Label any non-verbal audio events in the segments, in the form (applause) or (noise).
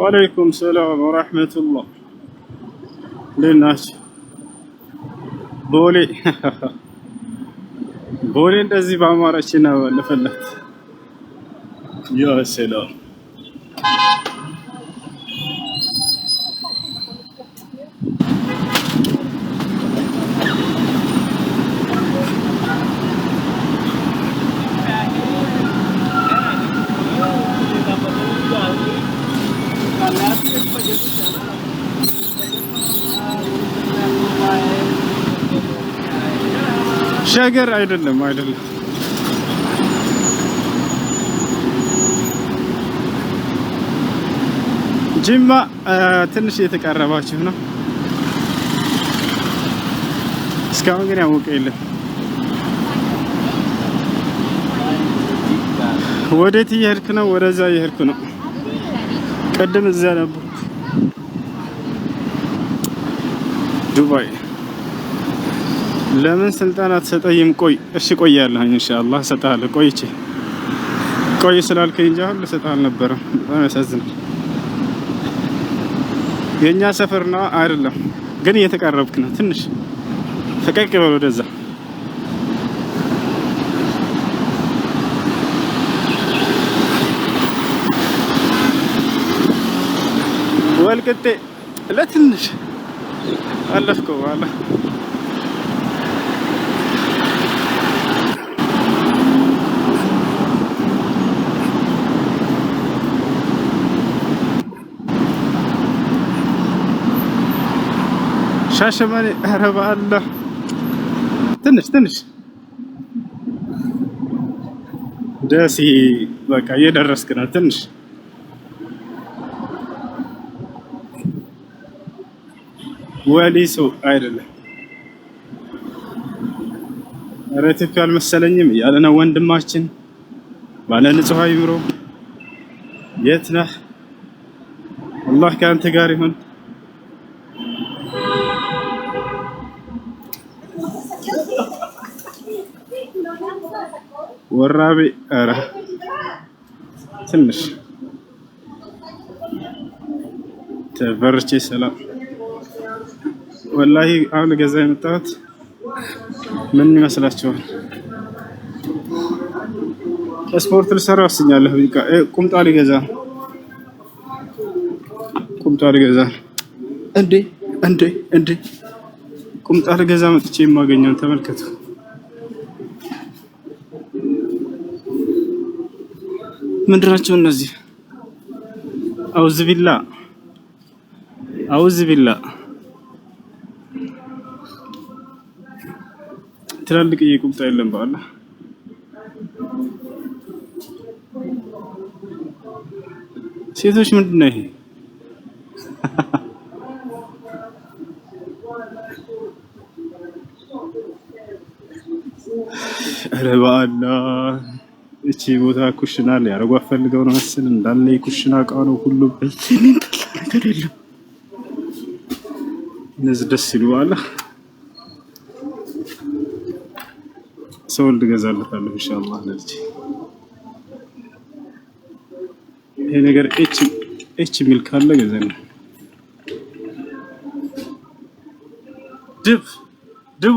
ወአለይኩም ሰላም ወራህመቱላህ። እንዴት ናችሁ? ቦሌ (laughs) ቦሌ እንደዚህ በአማራችን ነው ያ ሰላም ሸገር አይደለም አይደለም። ጅማ ትንሽ እየተቀረባችሁ ነው። እስካሁን ግን ያወቀ የለም። ወዴት እየሄድክ ነው? ወደዛ እየሄድክ ነው። ቅድም እዛ ነበር ዱባይ ለምን ስልጠና ተሰጠይም? ቆይ እሺ፣ ቆያለሁ። ኢንሻአላህ እሰጥሃለሁ። ቆይቼ ቆይ ስላልከኝ እንጂ አሁን ልሰጥህ አልነበረም። በጣም ያሳዝናል። የኛ ሰፈር ነው አይደለም፣ ግን እየተቃረብክ ነው። ትንሽ ፈቀቅ በል ወደዛ። ወልቅጤ ለትንሽ አለፍከው አላ ሻሸመኔ ኧረ በአላህ ትንሽ ትንሽ ደሴ በቃ እየደረስክ ነው። ትንሽ ወሊሶ አይደለም ኧረ ኢትዮጵያ አልመሰለኝም እያለ ነው ወንድማችን ባለ ንጹህ አይምሮ። የት ነህ? አላህ ከአንተ ጋር ይሁን። ወራቤ ኧረ ትንሽ ተበርቼ ሰላም ወላሂ አሁን ገዛ የመጣሁት ምን ይመስላችኋል? ስፖርት ልሰራ ወስኛለሁ። ቢቃ ቁምጣ ሊገዛ ቁምጣ ሊገዛ እንዴ እንዴ እንዴ ቁምጣ ሊገዛ መጥቼ የማገኘውን ተመልከቱ። ምንድናቸው እነዚህ? አውዝ ቢላ አውዝ ቢላ ትላልቅ ቁምጣ የለም በኋላ ሴቶች ምንድን ነው ይሄ? (laughs) ኧረ በአላህ እቺ ቦታ ኩሽና ሊያደርጉ አፈልገው ነው መሰል። እንዳለ የኩሽና እቃ ነው ሁሉም። ነገር የለም እነዚህ ደስ ይሉ አለ ሰው ወልድ ገዛለታለሁ ኢንሻአላህ። ለዚህ ይሄ ነገር እቺ እቺ ሚል ካለ ገዘን ድብ ድቡ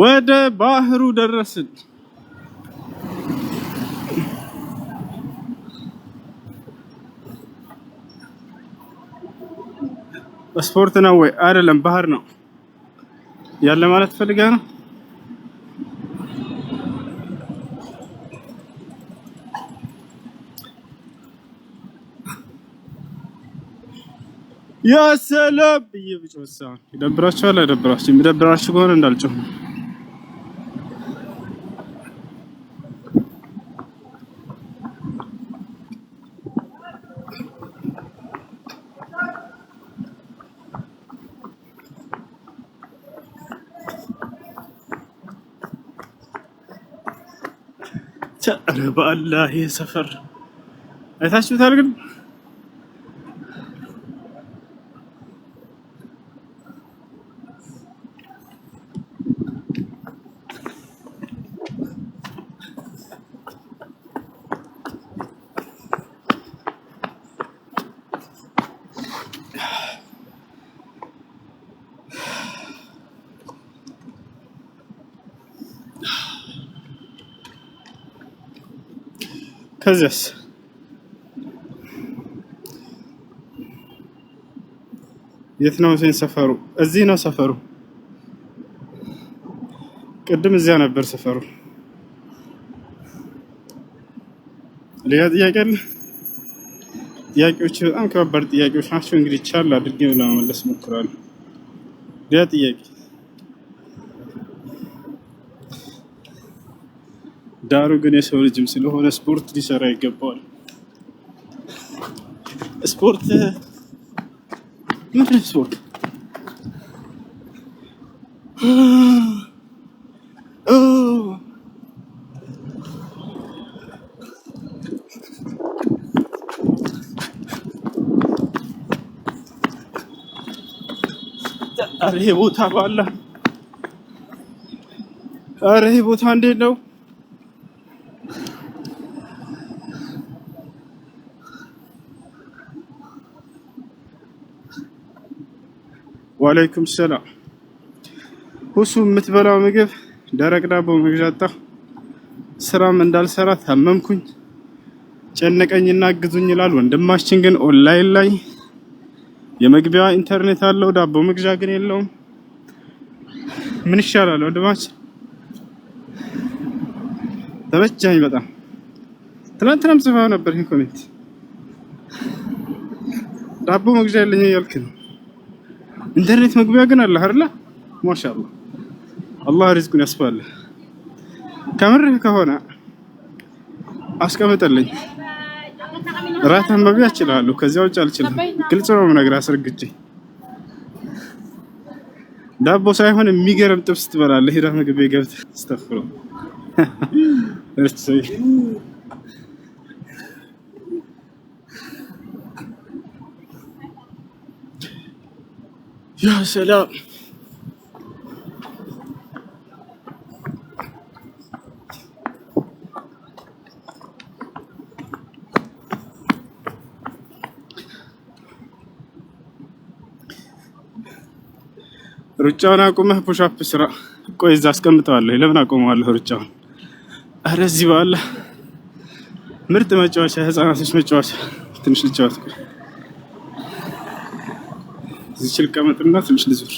ወደ ባህሩ ደረስን። ስፖርት ነው ወይ? አይደለም፣ ባህር ነው ያለ ማለት ፈልጋ ነው። ያ ሰላም ብዬ ብጮህ ይደብራችኋል? አይደብራችሁም? የሚደብራችሁ ከሆነ እንዳልጮህ ነው። ኧረ በአላህ ይሄ ሰፈር አይታችሁታል ግን ከዚያስ የት ነው ሴን ሰፈሩ? እዚህ ነው ሰፈሩ። ቅድም እዚያ ነበር ሰፈሩ። ሌላ ጥያቄ አለ? ጥያቄዎች በጣም ከባባድ ጥያቄዎች ናቸው። እንግዲህ ቻል አድርጌ ለመመለስ እሞክራለሁ። ሌላ ጥያቄ ዳሩ ግን የሰው ልጅም ስለሆነ ስፖርት ሊሰራ ይገባዋል። ስፖርት ምንድን ስፖርት አረ ይሄ ቦታ ባላ አረ ይሄ ቦታ እንዴት ነው? ወአለይኩም ሰላም። ሁሱ የምትበላው ምግብ ደረቅ ዳቦ መግዣጣ ስራም እንዳልሰራ ታመምኩኝ ጨነቀኝና አግዙኝ ይላል። ወንድማችን ግን ኦንላይን ላይ የመግቢያ ኢንተርኔት አለው፣ ዳቦ መግዣ ግን የለውም። ምን ይሻላል ወንድማችን? ተመቻኝ በጣም ትናንትናም ጽፋ ነበር ኮሜንት ዳቦ መግዣ የለኝ እያልክ ነው። ኢንተርኔት መግቢያ ግን አለ አይደለ? ማሻአላ አላህ ሪዝቁን ያስፋልህ። ከምርህ ከሆነ አስቀምጠልኝ ራተን መግቢያ እችላለሁ። ከዚያ ውጭ አልችልም። ግልጽ ነው የምነግርህ አስረግጬ። ዳቦ ሳይሆን የሚገርም ጥብስ ትበላለህ። ሄዳ ምግቤ ገብተህ እርሱ ያ ሰላም ሩጫውን አቁመህ ፑሻፕ ስራ። ቆይ እዛ አስቀምጠዋለሁ። ለምን አቁመዋለሁ ሩጫውን? አረ እዚህ በኋላ ምርጥ መጫወቻ፣ ህፃናቶች መጫወቻ። ትንሽ ልጫወት እዚች ልቀመጥና ትንሽ ልዙር።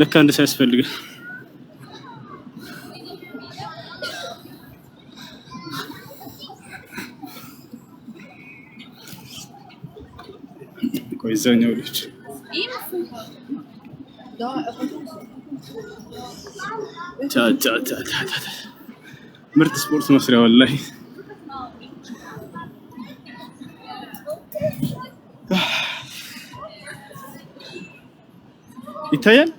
ለካ እንደ ሳያስፈልግ ያስፈልጋል። ቆይ እዛኛው ልጅ ምርጥ ስፖርት መስሪያ ወላሂ İtalyan?